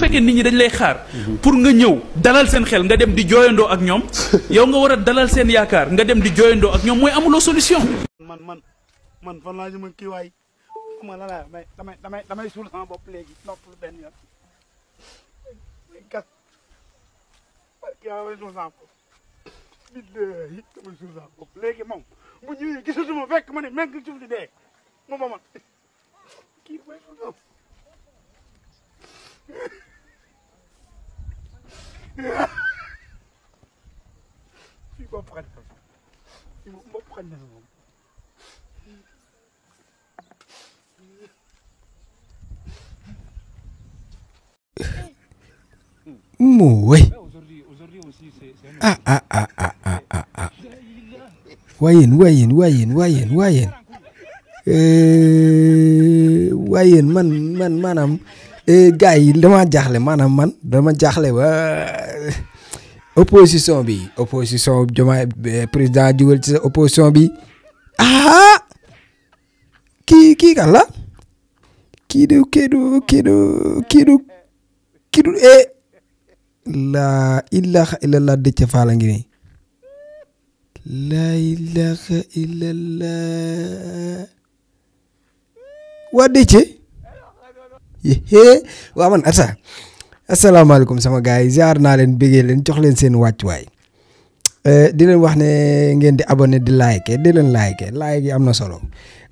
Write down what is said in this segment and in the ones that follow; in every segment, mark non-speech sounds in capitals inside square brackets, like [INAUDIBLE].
fekkee nit ñi dañ lay xaar pour nga ñëw dalal seen xel nga dem di jooyandoo ak ñoom yow nga war a dalal seen yaakaar nga dem di jooyandoo ak ñoom mooy amuloo solution man man man fan laa jëm kii waay ma la laa may damay damay damay suul sama bopp léegi noppalu benn yoon gas barki yaa Tu comprends prennent. Ils m'en Mouais. Eh, ah, ah ah ah ah ah ah ah. Eh, man man manam Eh, gars yi damaa jaaxle maanaam man dama jaaxle ba euh, opposition bi opposition Diomaye euh, président jugal ci sa opposition bi ah kii kii kan la kii du kii du kii du kii du kii du eh laa ilaha illallah Déthié Fall a ngi nii laa ilaha illallah waa Déthié waa man Atta asalaamaaleykum sama gars yi ziar naa leen bëggee leen jox leen seen wàccuwaay eh, di leen wax ne ngeen di abonné di like di leen like like yi am na solo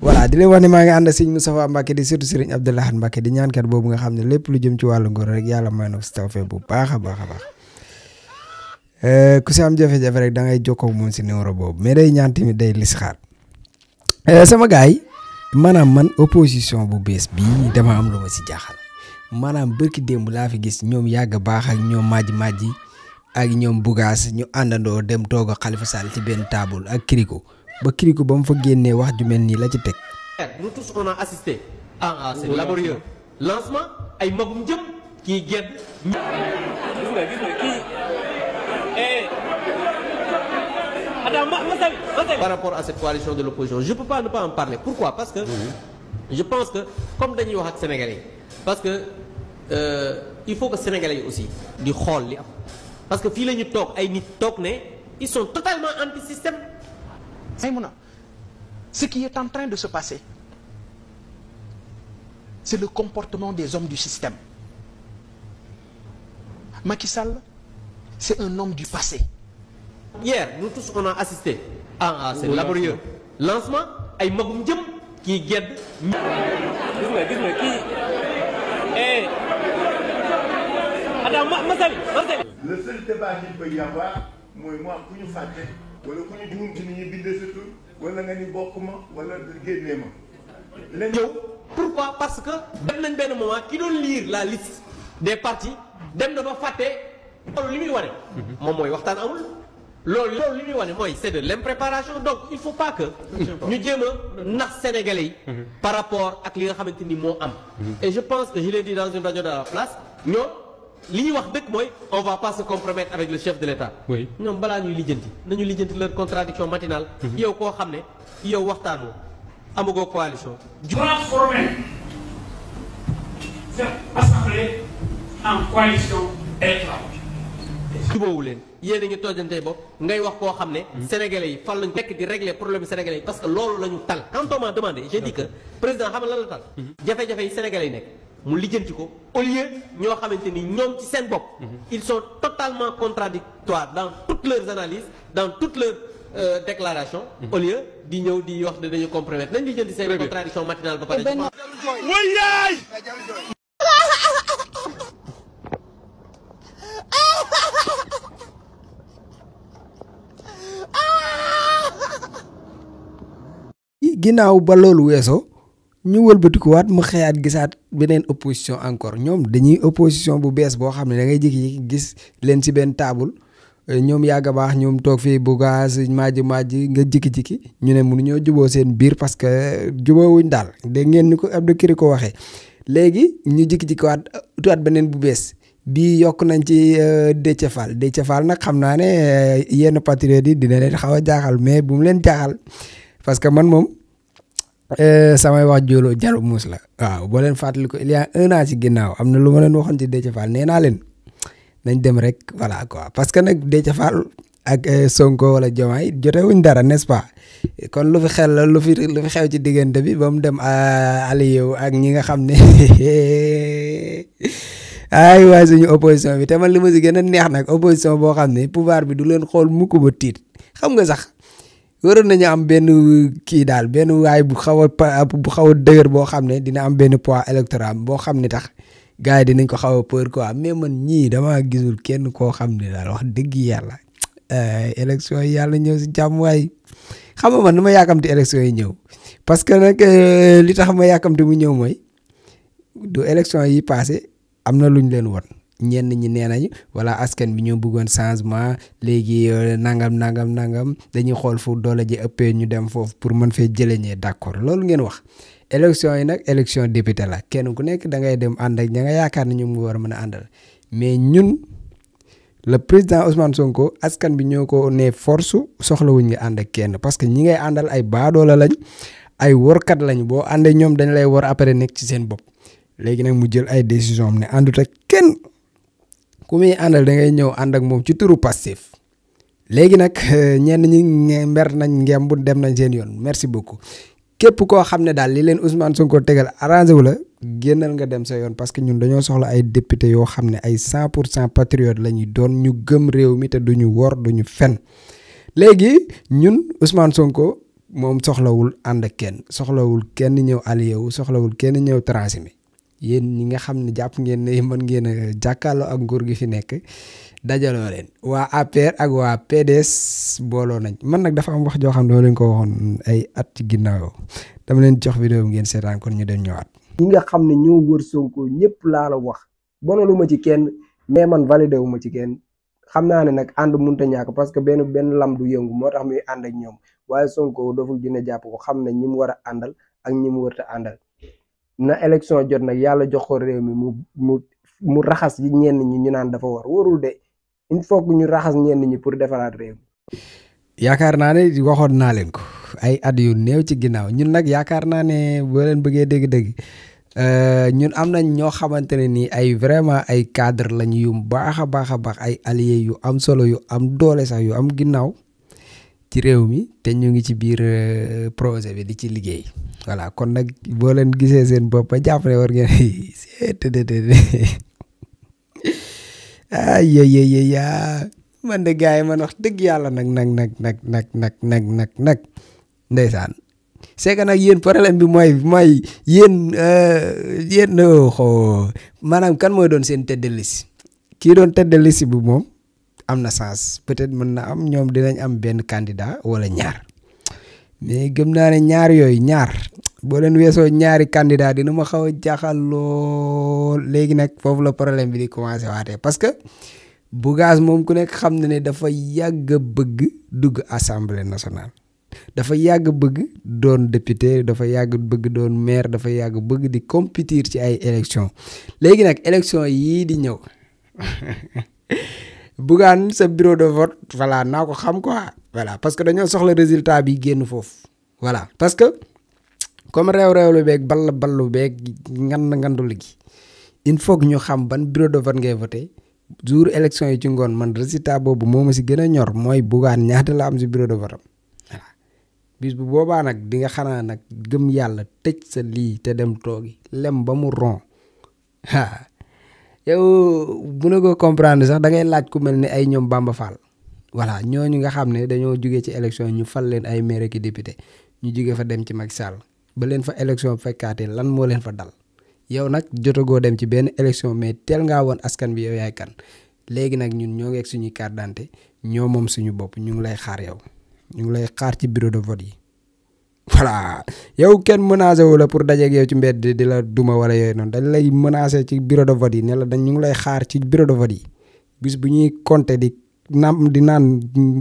wala di leen wax ne maa ngi ànd sëñ Moustapha Mbacke di surtout sëriñ Abdoulaye Mbacke di ñaankat boobu nga xam ne lépp lu jëm ci wàllu ngor rek yàlla may na tawfeex bu baax a baax a baax. Eh, ku si am jafe-jafe rek dangay ngay jokkoo moom si numéro boobu mais day ñaan tamit day lisxaar eh, sama gars maanaam man opposition bu bees bii dama am lu ma si jaaxal maanaam bërki démb laa fi gis ñoom yàgg baax ak ñoom màjj màjj ak ñoom bugaas ñu àndandoo dem toog a Khalifa ci benn taabul ak Kirikou ba Kirikou ba mu fa génne wax ju mel nii la ci teg. nous tous par rapport à cette coalition de l'opposition je peux pas ne pas en parler pourquoi parce que je pense que comme dañuy wax sénégalais parce que euh, il faut que sénégalais aussi du rôle. parce que si ils sont totalement anti système. ce qui est en train de se passer c'est le comportement des hommes du système Macky Sall c'est un homme du passé. hier nous tous on a assisté ah ah c'est lancement ay magum jëm kii gedd gis nga gis nga kii eh attends Massaly Massaly le seul débat qu'il peut y avoir mooy mu am ku ñu fàtte wala ku ñu juum ci ni ñu bindee sa tur wala nga ni bokk ma wala génnee ma leen ñëw pourquoi parce que dem nañ benn moment ki doon lire la liste des partis dem na ba fàtte loolu li muy wane mhm. moom mooy waxtaan amul c'est de l'impréparation donc il ne faut pas que nous disions « sénégalais mhm. par rapport à ce que nous et je pense que je l'ai dit dans une radio de la place nous, on ne va pas se compromettre avec le chef de l'État mhm. nous, coalition transformer en coalition yéen a ngi toojantee bopp ngay wax koo xam ne. sénégalais yi fan lañ fekk di régler problème sénégalais yi parce que loolu lañu tal quand on m'a demandé j'ai dit que président xam nga lan la tal. Mhm. jafe-jafe yi sénégalais yi nekk mu lijjanti ko au lieu ñoo xamante ni ñoom ci seen bopp. Mhm. ils sont totalement contradictoires dans toutes leurs analyses dans toutes leurs euh, déclarations. Mhm. au lieu di ñëw di wax ne dañu compromettre nañ lijjanti seen contradiction matinale ba pare. ginaaw ba loolu weso ñu wëlbatikuwaat mu xëyaat gisaat beneen opposition encore ñoom dañuy opposition bu bees boo xam ne da ngay jékki gis leen si benn taabul eh, ñoom yàgg baax ñoom toog fii bugaas maaji maaji nga jikki-jikki ñu ne mënuñoo juboo seen biir parce que jubóowuñ daal de ngeen ni ko Abdou Kiri ko waxee léegi ñu jikki-jikkiwaat tuat beneen bu bees bi yok nañ ci eh, Déthié Fall Déthié Fall nag xam naa ne eh, yenn patriotes yi dina leen xaw a jaaxal mais bu mu leen jaaxal parce que man moom Eh, samay wax jóoloo jaru muus la waaw boo leen fàttali ko il y a ci ginnaaw am na lu ma leen waxoon ci Déthié Fall nee naa leen nañ dem rek voilà quoi parce que nag Déthié Fall ak eh, Sonko wala Diomaye jotewuñ dara n'est-ce pas kon lu fi xel la lu fi lu fi xew ci diggante bi ba mu dem ah, Aliou ak ñi nga xam ne [LAUGHS] ay waaye suñu opposition bi te man li ma si gën a neex nag opposition boo xam ne pouvoir bi du leen xool mukk ba tiit xam nga sax waroon nañu am benn kii daal benn waay bu xaw a bu xaw a dëgër boo xam ne dina am benn poids électoral boo xam ni tax gars yi dinañ ko xaw a peur quoi mais man ñii damaa gisul kenn koo xam ne daal wax dëgg yàlla eh, élection yi yàlla ñëw si jàmm waay xam nga man nu ma yàkkamti élection yi ñëw parce que nag eh, li tax ma yàkkamti mu ñëw mooy du élection yi passé am na luñ leen won ñenn ñi nee wala askan bi ñu bëggoon changement léegi euh, nangam nangam nangam dañuy xool fu doole ji ëppee ñu dem foofu pour mën fee jëleñee d' accord loolu ngeen wax élection yi nag élection député la kenn ku nekk da ngay dem ànd ak ña nga yaakaar ne ñu mu war mën a àndal mais ñun le président Ousmane Sonko askan bi ñoo ko ne force soxlawuñ nga ànd ak kenn parce que ñi ngay àndal ay baadoola lañ ay workat lañ boo àndee ñoom dañ lay war après nekk ci seen bopp léegi nag mu jël ay décision am ne àndut ak kenn ku muy àndal da ngay ñëw ànd ak moom ci turu Pastef léegi nag [LAUGHS] ñenn ñi mer nañ ngemb dem nañ seen yoon merci beaucoup képp koo xam ne daal li leen Ousmane Sonko tegal arrangé wu la génnal nga dem sa yoon parce que ñun dañoo soxla ay député yoo xam ne ay cent pour cent patriote la ñuy doon ñu gëm réew mi te du duñu wor ñu fen léegi ñun Ousmane Sonko moom soxlawul ànd ak kenn soxlawul kenn ñëw allié wu soxlawul kenn ñëw mi yéen ñi nga xam ne jàpp ngeen ne mën ngeen a jàkkaarloo ak nguur gi fi nekk dajaloo leen waa APR ak waa PDS booloo nañ man nag dafa am wax joo xam ne dama leen ko waxoon at ci ginnaaw dama leen jox vidéo bi ngeen seetaan kon ñu dem ñëwaat. ñi nga xam ne ñoo wër Sonko ñëpp laa wax bonalu ci kenn mais man validé wu ci kenn xam naa ne nag ànd mënut a ñàkk parce que benn benn lam du yëngu moo tax ànd ak ñoom waaye Sonko doful dina jàpp ko xam ne ñi mu war a àndal ak ñi mu wërta àndal. na élection jot nag yàlla jox ko réew mi mu mu mu raxas yi ñenn ñi ñu naan dafa war warul de il ñu raxas ñenn ñi pour defaraat réew mi. yaakaar naa ne waxoon naa leen ko ay at yu néew ci ginnaaw ñun nag yaakaar naa ne boo leen bëggee dégg-dégg euh, ñun am nañ ñoo xamante ne nii ay vraiment ay cadre lañ yu baax a baax a baax ay alliés yu am solo yu am doole sax yu am ginnaaw ci réew mi te ñu ngi ci biir euh, projet bi di ci liggéey. voilà kon nag boo leen gisee seen bopp ba jàpp ne war ngeen [LAUGHS] seetddd [LAUGHS] a man de gars man wax dëgg yàlla nag nag nag nag nag nag nag nag nag ndeysaan c'est que nag yéen problème bi mooy mooy yéen euh, yéen xoo maanaam kan mooy doon seen tête de kii doon tête de liste bi moom am na sens peut-être mën na am ñoom dinañ am benn candidat wala ñaar mais gëm naa ne ñaar yooyu ñaar boo leen weesoo ñaari candidat dina ma xaw a jaaxal lool léegi nag foofu la problème bi di commencé waatee parce que Bougace moom ku nekk xam na ne dafa yàgg bëgg dugg assemblée nationale dafa yàgg bëgg doon député dafa yàgg bëgg doon maire dafa yàgg bëgg di compétir ci ay élection léegi nag élection yii di ñëw [LAUGHS] Bougane sa bureau de vote voilà naa ko xam quoi voilà parce que dañoo soxla résultat bi génn foofu voilà parce que comme réew-réewlu beeg ball ballu beeg ngan ngandul gi il foog ñu xam ban bureau de vote ngay voté jour élection yi ci ngoon man résultat boobu moo ma si gën a ñor mooy bugaan ñaata la am si bureau de vote bis bu boobaa nag di nga xanaa nag gëm yàlla tëj sa lii te dem toogi lem ba mu ron [LAUGHS] yow bu na ko comprendre sax da ngay laaj ku mel ni ay ñoom Bamba Fall voilà ñu nga xam ne dañoo jugee ci élection ñu fal leen ay maire ki député ñu jugee fa dem ci mag Sall ba leen fa élection fekkaate lan moo leen fa dal yow nag jotagoo dem ci benn élection mais teel nga woon askan bi yow yaay kan léegi nag ñun ñoo ngi suñuy carte d'identité ñoo moom suñu bopp ñu ngi lay xaar ñu ngi lay xaar ci bureau de vote yi voilà yow kenn menacé wu la pour dajeeg yow ci mbedd di la duma wala yooyu noonu dañ lay menacé ci bureau de vote yi la dañ ñu ngi lay xaar ci bureau yi bis bu ñuy compter di. nam di nan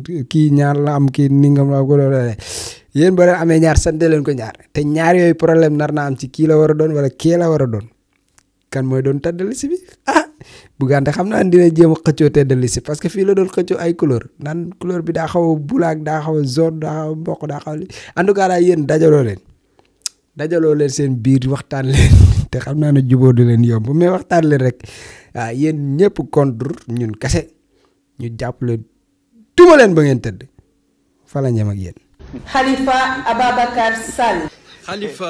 ki ñaar la am kii ningam la ko do re yeen bare amé ñaar sante len ko ñaar te ñaar yoy problème nar na am ci ki la wara don wala ki la wara don kan moy don tëddal ci bi ah bugante xam naa dina jëm a xëccoo tëddal si parce que fi la don xëccu ay couleur nan couleur bi da xaw a bulaak daa xaw a da xaw bokk da xaw a en tout cas daal dajalo len leen seen biir waxtan len [LAUGHS] té xamna na jubo du yomb mais waxtan len rek ah yeen ñepp contre ñun kase Nous jàpp tout duma leen ba ngeen tëdd fa la ak Khalifa Ababakar Sal. Khalifa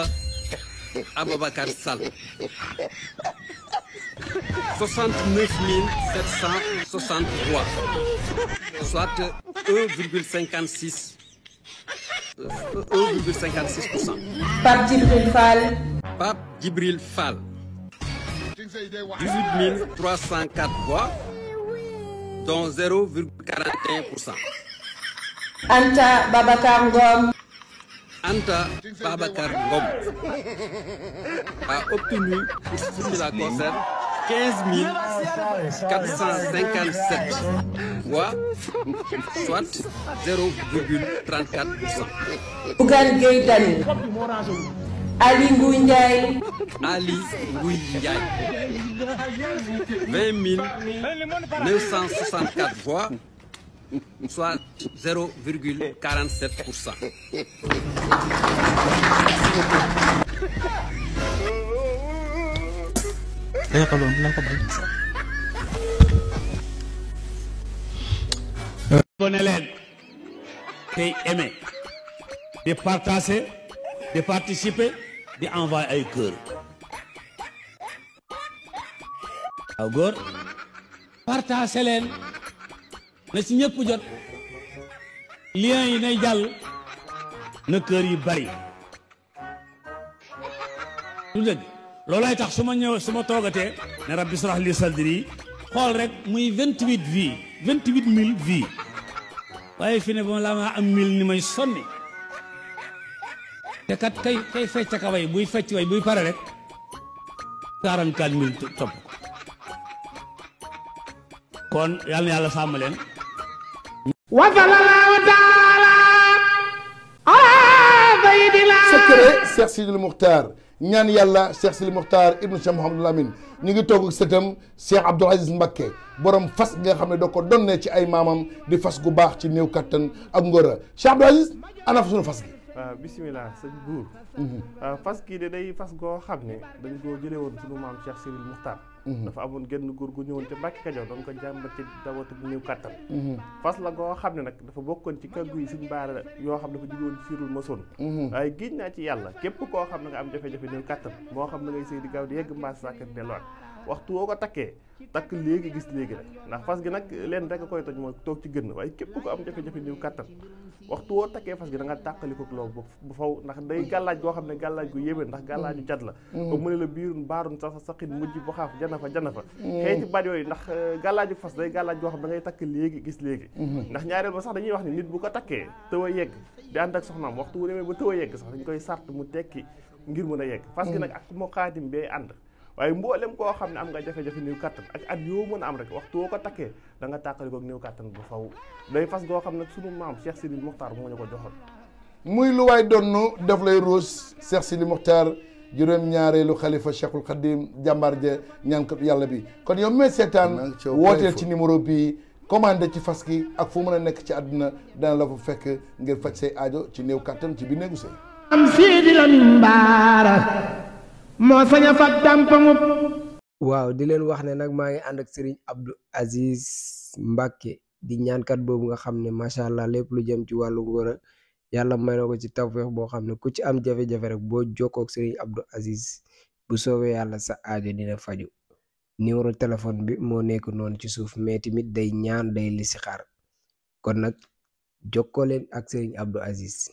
Ababakar Sal. 69 763 soit 1,56 1,56 Pape Djibril Fal. Pape Djibril 18 304 voix dont 0,41%. Anta Babacar Ngom. Anta Babacar Ngom a obtenu, pour ce qui la concerne, 15 457 voix, soit 0,34%. Ali Ngouindiaï. Ali Ngouindiaï. 20 964 voix, soit 0,47%. Bonne hélène, qui aimé, de partager, de participer. di envoy ay keur aw gor partager len na ci ñepp jot lien yi ne jall na keur yi bari du deug lolay tax suma ñew suma togaté ma ne rabbi sirah li sadri xol rek muy 28 vie 28000 vie waye fi ne la ma am 1000 ni may sonni te kat kay kay fecc ka way buy fecc way buy pare rek quarante quatre mille topp kon yal na yàlla sàmm leen wa sallallahu taala ala sayyidina secret Cheikh Sidil Mukhtar ñaan yàlla Cheikh Sidil Mukhtar ibnu Cheikh Mouhamadul Amin ñu ngi toog ak sëtam Cheikh Abdoul Aziz Mbacké borom fas nga xam ne doo ko donnee ci ay maamam di fas gu baax ci néew kattan ak ngóora Cheikh Abdoul Aziz ana fa suñu fas gi Euh, bisimilah sëñ buur mhm. euh, fas kii de day fas goo xam ne dañ koo jële woon sunu maam Cheikh Siril Muxtaar mhm. dafa amoon genn góor gu ñëwoon ca Mbàkke Kajoor doon ko jàmbat ci dawatu néew kàttan mhm. fas la goo xam ne nag dafa bokkoon ci kàggu yi suñ baara yoo xam dafa jugoon Siril Masoon waaye géej naa ci yàlla képp koo xam ne nga am jafe-jafe néew kàttan moo xam na ngay sëy di gaaw di yegg mbaas sàkkat delluwaat waxtu woo ko takkee takk léegi gis léegi rek ndax fas gi nag leen rek a koy toj mooy toog ci gën waaye képp ko am jafe-jafe niw kattan waxtu woo takkee fas gi da nga tàqali ko day gàllaaj goo xam ne gàllaaj gu yéeme ndax gàllaaju jat la ba mm. mu ne la biirun baarun sa sa saqin mujj jana fa jana fa mm. xëy ci baat ndax euh, gàllaaju fas day gàllaaj goo xam da ngay takk léegi gis léegi mm-hmm. ndax ñaareel ba sax dañuy wax ne nit bu ko takkee tëw a yegg di ànd ak soxnaam waxtu wu demee ba tëw a yegg sax dañ koy sart mu tekki ngir mën a yegg mm. fas gi nag ak moo xaatim ànd waaye mboolem koo xam ne am nga jafe-jafe néew kattan ak at yoo mën a am rek waxtu woo ko takkee da nga tàqali ko néew kattan bu faw day fas goo xam ne sunu maam Cheikh Sidi Mokhtar moo ñu ko joxoon muy lu waay donnu daf lay ruus Cheikh Sidi Mokhtar juróom ñaareelu xalifa Cheikhul Khadim jàmbaar ja ñaankat yàlla bi kon yow mee seetaan wooteel ci numéro bii commandé ci fas gi ak fu mën a nekk ci àdduna dana la fa fekk ngir faj say aajo ci néew kàttan ci bi néegu sëy am siidi la min baara moo sañ a fat dàmpamub waaw di leen wax ne nag maa ngi ànd ak Serigne Abdou Aziz Mbacke di ñaankat boobu nga xam ne macha allah lépp lu jëm ci wàllu ngóor ak yàlla may ko ci tawféex boo xam ne ku ci am jafe-jafe rek boo jokkoo ak Serigne Abdou bu soowee yàlla sa aajo dina faju numéro téléphone bi moo nekk noonu ci suuf mais mit day ñaan day listixaar kon nag jokkoo leen ak Serigne Abdou Aziz.